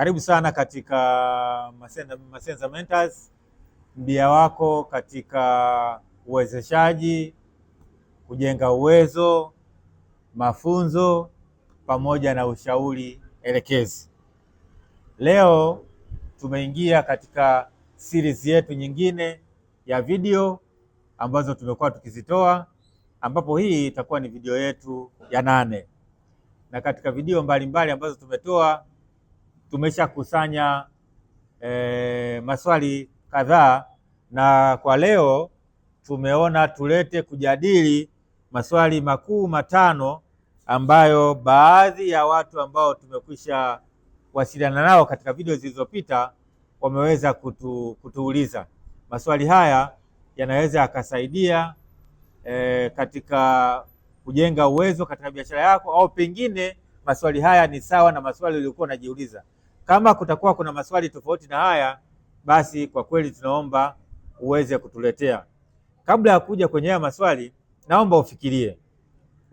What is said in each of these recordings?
Karibu sana katika Masenza, Masenza Mentors, mbia wako katika uwezeshaji, kujenga uwezo, mafunzo pamoja na ushauri elekezi. Leo tumeingia katika series yetu nyingine ya video ambazo tumekuwa tukizitoa, ambapo hii itakuwa ni video yetu ya nane, na katika video mbalimbali mbali ambazo tumetoa tumeshakusanya e, maswali kadhaa, na kwa leo tumeona tulete kujadili maswali makuu matano ambayo baadhi ya watu ambao tumekwisha wasiliana nao katika video zilizopita wameweza kutu, kutuuliza. Maswali haya yanaweza yakasaidia e, katika kujenga uwezo katika biashara yako, au pengine maswali haya ni sawa na maswali uliokuwa unajiuliza. Kama kutakuwa kuna maswali tofauti na haya, basi kwa kweli tunaomba uweze kutuletea. Kabla ya kuja kwenye haya maswali, naomba ufikirie,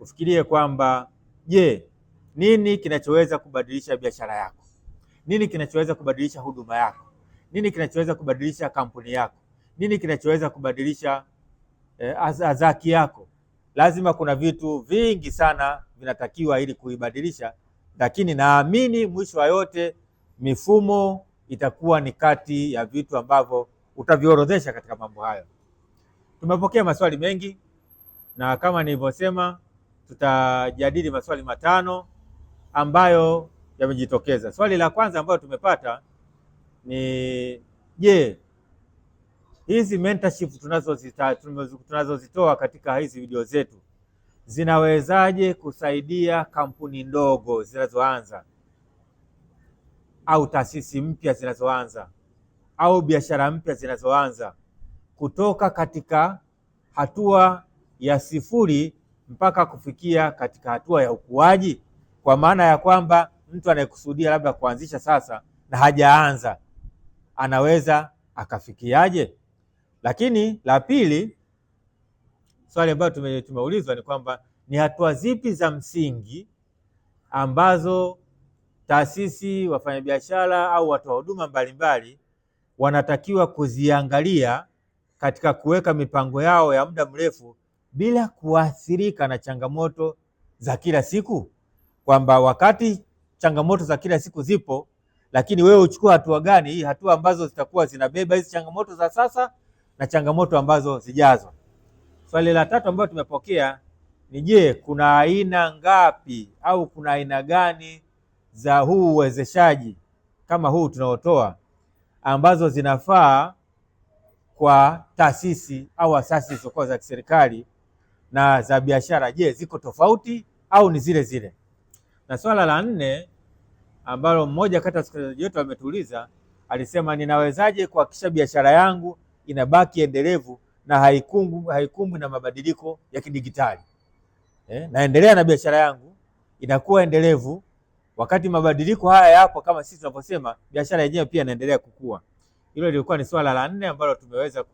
ufikirie kwamba je, nini kinachoweza kubadilisha biashara yako? Nini kinachoweza kubadilisha huduma yako? Nini kinachoweza kubadilisha kampuni yako? Nini kinachoweza kubadilisha eh, azaki yako? Lazima kuna vitu vingi sana vinatakiwa ili kuibadilisha, lakini naamini mwisho wa yote mifumo itakuwa ni kati ya vitu ambavyo utaviorodhesha katika mambo hayo. Tumepokea maswali mengi na kama nilivyosema, tutajadili maswali matano ambayo yamejitokeza. Swali la kwanza ambayo tumepata ni je, hizi mentorship tunazozitoa tunazo katika hizi video zetu zinawezaje kusaidia kampuni ndogo zinazoanza au taasisi mpya zinazoanza au biashara mpya zinazoanza kutoka katika hatua ya sifuri mpaka kufikia katika hatua ya ukuaji, kwa maana ya kwamba mtu anayekusudia labda kuanzisha sasa na hajaanza anaweza akafikiaje? Lakini la pili, swali ambalo tumeulizwa ni kwamba ni hatua zipi za msingi ambazo taasisi, wafanyabiashara au watoa huduma mbalimbali wanatakiwa kuziangalia katika kuweka mipango yao ya muda mrefu bila kuathirika na changamoto za kila siku, kwamba wakati changamoto za kila siku zipo, lakini wewe uchukue hatua gani, hii hatua ambazo zitakuwa zinabeba hizi changamoto za sasa na changamoto ambazo zijazo. Swali la tatu ambayo tumepokea ni je, kuna aina ngapi au kuna aina gani za huu uwezeshaji kama huu tunaotoa ambazo zinafaa kwa taasisi au asasi zisizokuwa za kiserikali na za biashara, je, ziko tofauti au ni zile zile? Na swala la nne ambalo mmoja kati ya wasikilizaji wetu ametuuliza, alisema ninawezaje kuhakikisha biashara yangu inabaki endelevu na haikumbwi haikumbwi na mabadiliko ya kidigitali eh? Naendelea na biashara yangu inakuwa endelevu Wakati mabadiliko haya yapo, kama sisi tunavyosema, biashara yenyewe pia inaendelea kukua. Hilo lilikuwa ni swala la nne ambalo tumeweza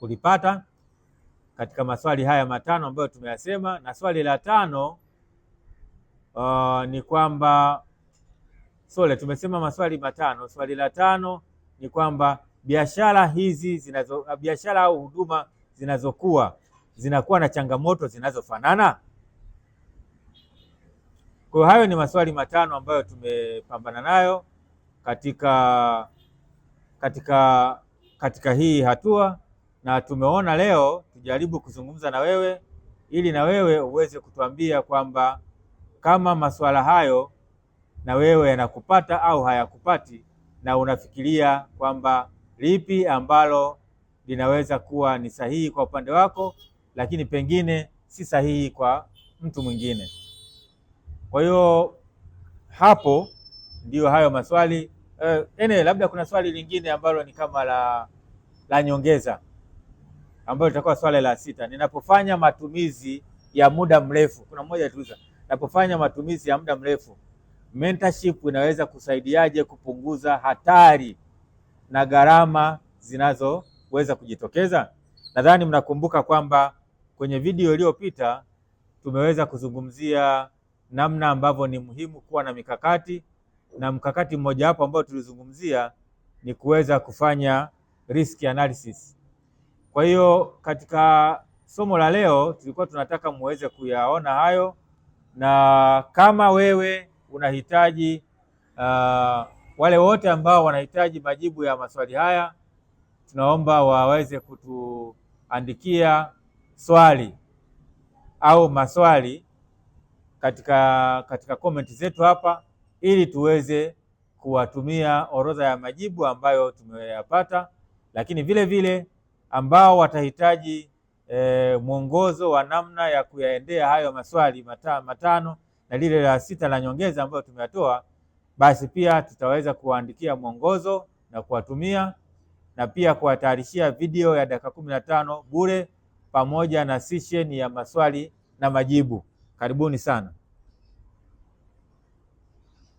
kulipata katika maswali haya matano ambayo tumeyasema, na swali la tano uh, ni kwamba sole, tumesema maswali matano. Swali la tano ni kwamba biashara hizi zinazo biashara au huduma zinazokuwa zinakuwa na changamoto zinazofanana kwa hiyo hayo ni maswali matano ambayo tumepambana nayo katika, katika, katika hii hatua, na tumeona leo tujaribu kuzungumza na wewe ili na wewe uweze kutuambia kwamba kama maswala hayo na wewe yanakupata au hayakupati, na unafikiria kwamba lipi ambalo linaweza kuwa ni sahihi kwa upande wako, lakini pengine si sahihi kwa mtu mwingine. Kwa hiyo hapo ndiyo hayo maswali eh, ene, labda kuna swali lingine ambalo ni kama la, la nyongeza ambalo litakuwa swali la sita, ninapofanya matumizi ya muda mrefu. Kuna mmoja tuuza, ninapofanya matumizi ya muda mrefu, mentorship inaweza kusaidiaje kupunguza hatari na gharama zinazoweza kujitokeza? Nadhani mnakumbuka kwamba kwenye video iliyopita tumeweza kuzungumzia namna ambavyo ni muhimu kuwa na mikakati, na mkakati mmoja wapo ambao tulizungumzia ni kuweza kufanya risk analysis. Kwa hiyo katika somo la leo tulikuwa tunataka muweze kuyaona hayo, na kama wewe unahitaji uh, wale wote ambao wanahitaji majibu ya maswali haya tunaomba waweze kutuandikia swali au maswali katika, katika comment zetu hapa ili tuweze kuwatumia orodha ya majibu ambayo tumeyapata, lakini vile vile ambao watahitaji e, mwongozo wa namna ya kuyaendea hayo maswali mata, matano na lile la sita la nyongeza ambayo tumeyatoa, basi pia tutaweza kuwaandikia mwongozo na kuwatumia na pia kuwatayarishia video ya dakika kumi na tano bure pamoja na session ya maswali na majibu. Karibuni sana.